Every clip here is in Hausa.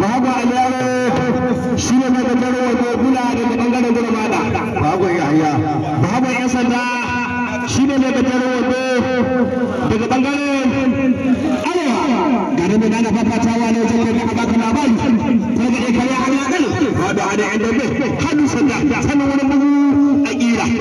bago aliyaro shi ne daga garin waje gula daga bangaren gura bada bago yahaya yan sanda shi ne daga garin waje daga bangaren arewa garin da na fafatawa ne zai kai a baka labari ta ga ikare alaƙar yan dambe sanda sanin wani bugu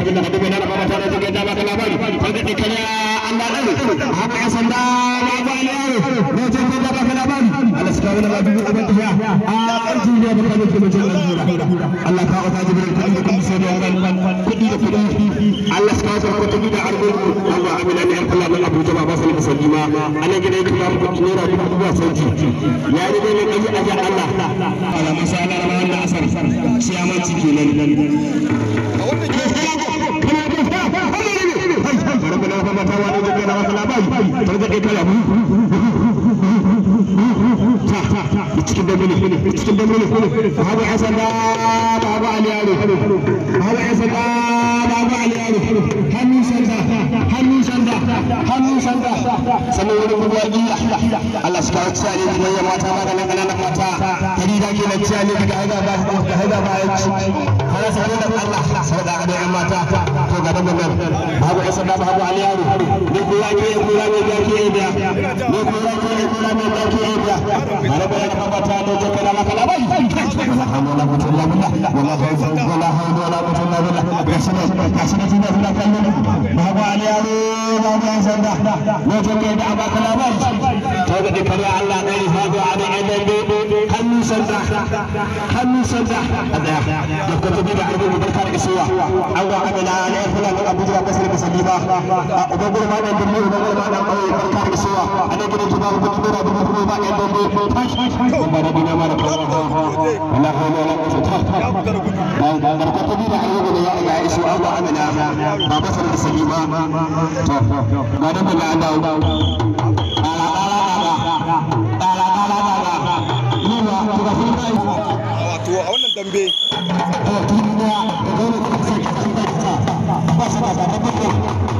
abin da madubai na da da suke da baka labari sai da Allah haka ya sanda ne ne da labari Allah suka wani a arji ne baka ne Allah ka jibril ta kuma sai da ran kudi da kudi Allah suka wata ko da Allah amina ne Allah Abu ba sai ma ana ba ku ku ba ya ne kai aja Allah ala masala ran asar kenan a wannan gabatarwa da gaggara masa labari ta rage kai abu cikin damini cikin damini babu yan sanda babu aliyaro babu yan sanda babu aliyaro hannun sanda hannun sanda hannun sanda sannan wani ruwa giya Allah shi kawo ciya ne da manyan mata ma da ƙananan mata tari da ke lanciya ne daga haiga ba da haiga ba ya ci har sai da Allah sau da ga mata to gaban nan babu asaba babu aliyaru ne kura ke yi kura ne ke ne ke ne ke na ga na ga ga babu aliyaru babu ne to ke da to ga Allah صدح هم ان أدح يكتب لي بعد مبركة إسوا أو عمل عليه فلا أبو جرا بس لبس ليبا أبو جرا ما نبني أبو جرا ما نبني مبركة إسوا أنا كده جبار بكتير أبو جرا ما نبني فش ما ربنا ما ربنا لا حول ولا قوة إلا بالله بركة لي بعد يا إسوا أو عمل ما بس لبس ليبا ما نبني أنا dambe Thank you.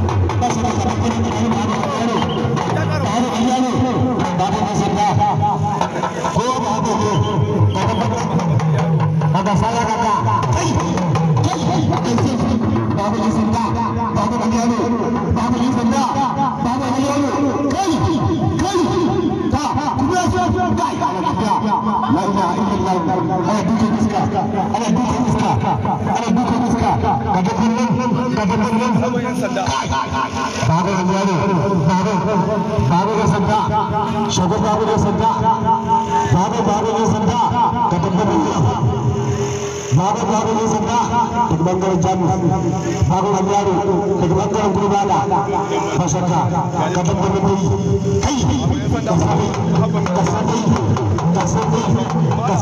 sanda babu da yaro babu babu da sanda shago babu da sanda babu babu da sanda ka tabbatar da babu babu da sanda daga bangaren bangaren ka kai ka ka ka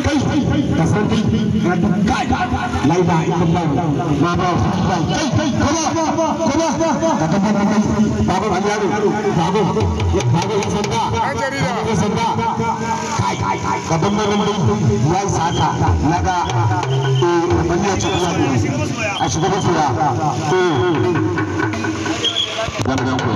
da kofi da dukkan laiba ikon ba ma ba kai kai kuma kuma da gaban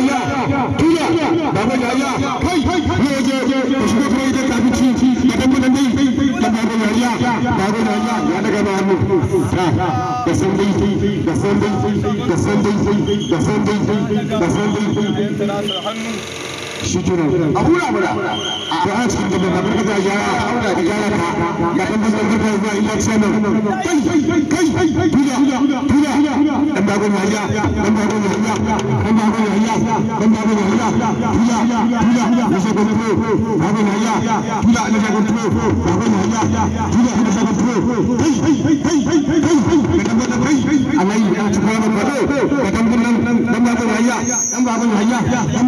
yaya tura baba yaya kai ne da da ya daga ba mu ta da san da san dai da san dai da san dai da san dai da san dai shi kira a hura a ana cikin da ya haura da ya ta ya kan ba kai kai dan ba dan ba dan ba dan ba sa ba ne ba ne kai kai kai kai kai kai alai ya ci ba dan ba dan ba dan ba dan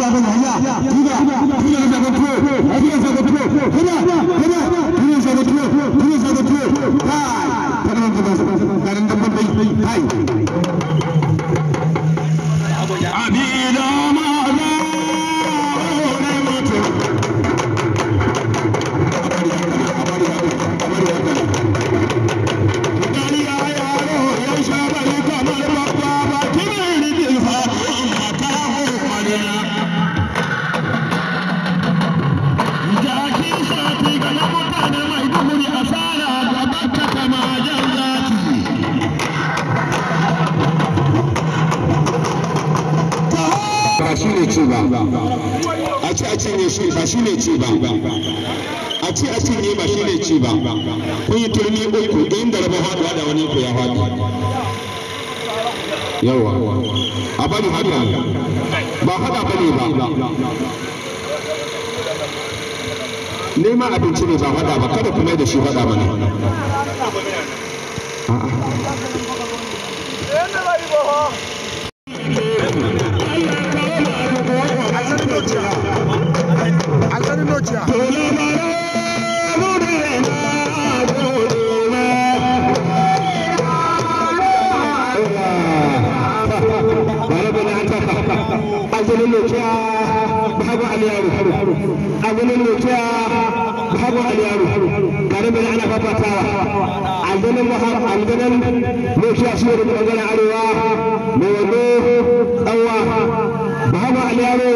ba Hey! ce a cinye shi ba shi ne ci ba a ce a cinye ba shi ne ci ba kun yi turmi uku da raba haɗuwa da wani ku ya haɗu yawa a bari haka ba haɗa ba ne ba neman abinci ne ba haɗa ba kada kuma da shi haɗa ba ne a'a godiya agunin lokiya babu aliyaru agunin lokiya babu aliyaru tare da ana fafatawa agunin wahar agunin lokiya shi ne da bangaren arewa mai wando tsawa babu aliyaru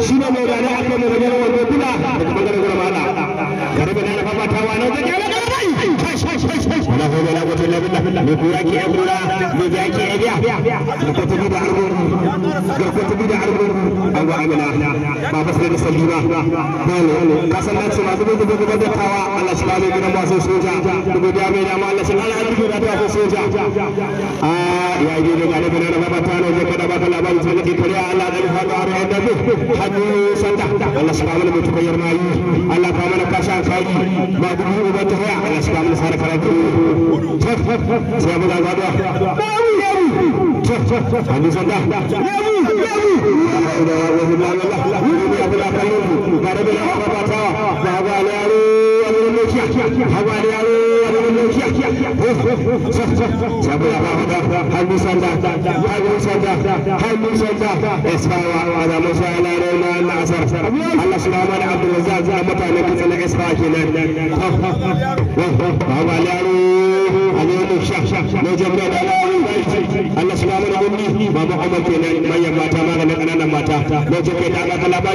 shi ne mai gane aka mai gane wanda kula daga bangaren gurmana garibi na fafatawa na zage na garibai ni gobe na goto na billa ni kura ke ya kura ni ja ke ya biya da argon ga ko da argon an ga amina ba ba sai da salli ba dole ka san na ce ma zuba zuba zuba da tawa Allah shi ba mai gidan wasu da mai dama Allah da wasu soja a ya yi da gane da baba da da Tut. Trevor Alvada. Tut. Hani sanda. Allah Sulaiman Abdul Razak mutane kusa na isfa kenan. Baba yaro na jami'a da Allah su mamana gumbi ya Muhammad kenan mata maganin ƙananan mata na jami'a da aka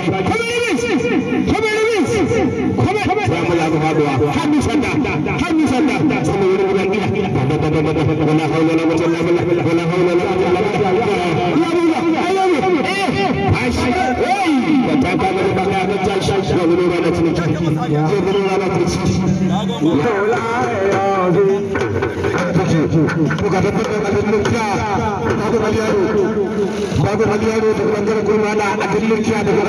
ya ya ya to ga babban kokarin murkiya daga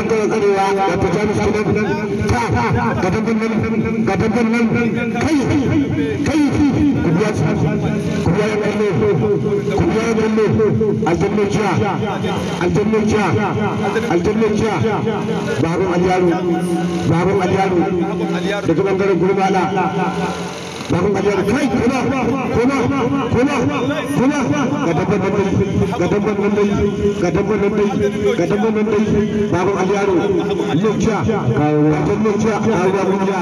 bangaren gurma Namanya fight, kuna, kuna, kuna, kuna, kuna, kata-kata menteri, kata-kata menteri, ga tabbatar dai ga tabbatar dai babu aliyaro lokcia kawuwa lokcia kawuwa kunja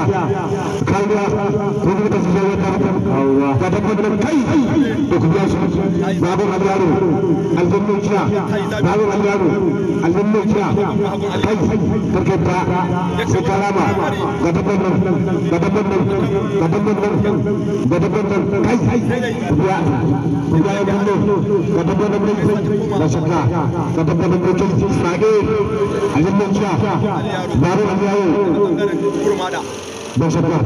kawuwa ko kuma ta zuwa ta kawuwa ga kai da kuma su babu aliyaru aljan lokcia babu aliyaru aljan lokcia kai karkata sai karama ga tabbatar ga tabbatar ga tabbatar ga tabbatar kai ya ya kunno ga tabbatar dai ga shakka gaban gaban dokokin sage a yin kiya babu a yawo da shakka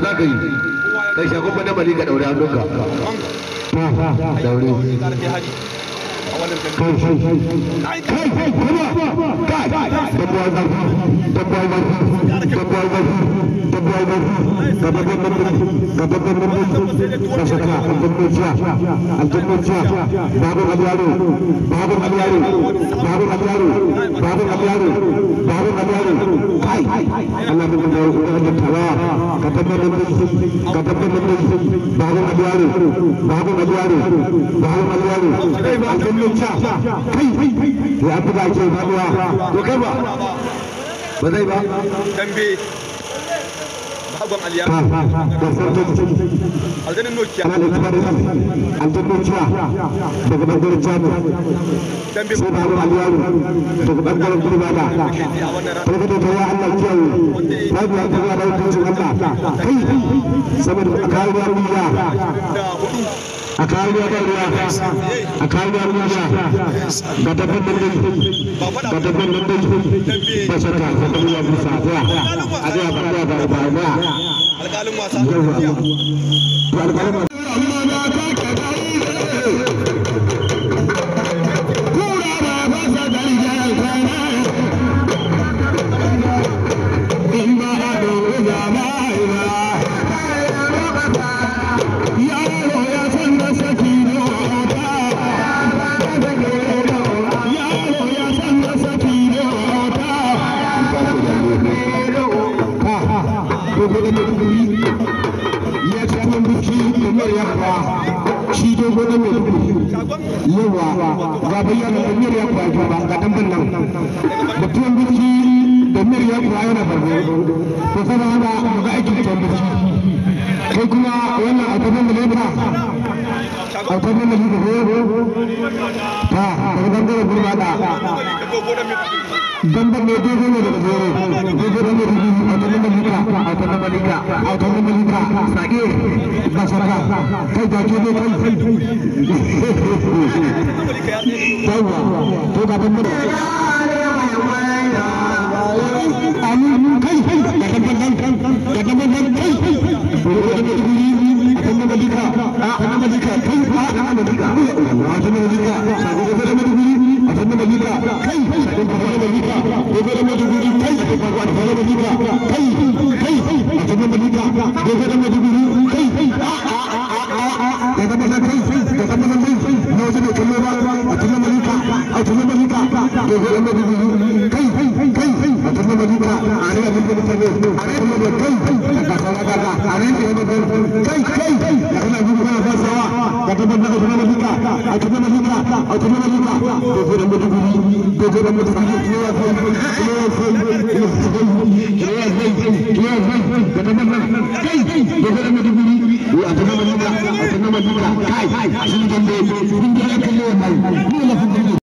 da kai shagon fa na bari ka daure hannunka to daure बाबू मज़हणी बाबूबी बाबूबी sha kai ya buga to kai ba ba zai ba dambe a a kawo ruwa ba ruwa a kawo ruwa ba ga dabban nan dai ga dabban nan dai ba shakka ga dabban ruwa bisa ruwa a ruwa ba ruwa ba ruwa alƙalin wasa yawa to zai gurbata dambar ne ko mana libra kai abin faruwa da libra gobe da maduguri kai abin faruwa da faruwa da libra kai kai abin mana libra gobe da maduguri kai ya zama na kai ya zama na mai na wajen da kallo ba a tunan malika a tunan malika gobe da maduguri kai ಬದುಕ ಅರೆ ಬದುಕುತ್ತವೆ ಅರೆ ಕೈ ಅರೆ ಕೈ ಕೈ ಕೈ ಗುರುಗಳ ಬಸವ ಕಟಬಂಧಕ ಗುಣ ಬದುಕ ಅಚುತ ಬದುಕ ಅಚುತ ಬದುಕ ಗೋಪುರ ಬದುಕುರಿ ಗೋಪುರ ಬದುಕ ಕೈ ಗೋಪುರ ಬದುಕುರಿ ಅಚುತ ಬದುಕ ಅಚುತ ಬದುಕ ಕಾಯ್ ಅಶುನಿ ತಂದೆ ಹಿಂದಿನ ಕಲ್ಲು ಮಾಡಿ